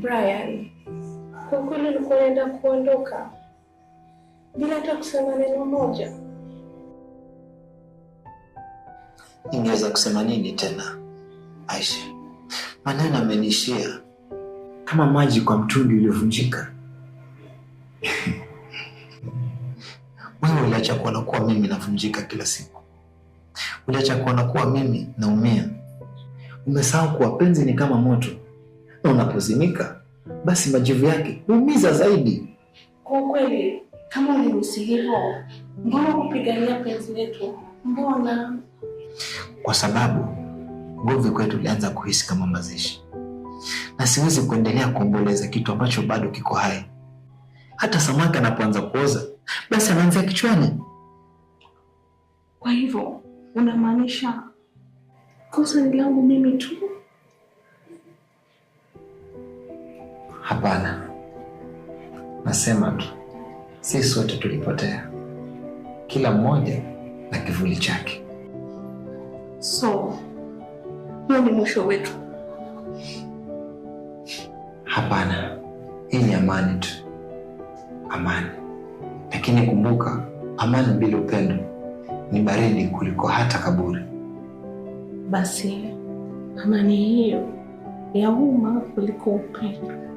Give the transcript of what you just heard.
Brian, kwa kweli ulikuwa unaenda kuondoka bila hata kusema neno moja. Ningeweza kusema nini tena Aisha? Maneno amenishia kama maji kwa mtungi uliovunjika. Wewe uliacha kuona kuwa mimi navunjika kila siku, uliacha kuona kuwa mimi naumia. Umesahau kuwa penzi ni kama moto na unapozimika, basi majivu yake huumiza zaidi. Kwa kweli, kama ulihusi hivyo, mbona kupigania penzi letu? Mbona? Kwa sababu ugomvi kwetu ulianza kuhisi kama mazishi, na siwezi kuendelea kuomboleza kitu ambacho bado kiko hai. Hata samaki anapoanza kuoza, basi anaanzia kichwani. Kwa hivyo unamaanisha kosa ni langu mimi tu? Hapana, nasema tu si sote tulipotea, kila mmoja na kivuli chake. So hiyo ni mwisho wetu? Hapana, hii ni amani tu, amani. Lakini kumbuka, amani bila upendo ni baridi kuliko hata kaburi. Basi amani hiyo yauma kuliko upendo.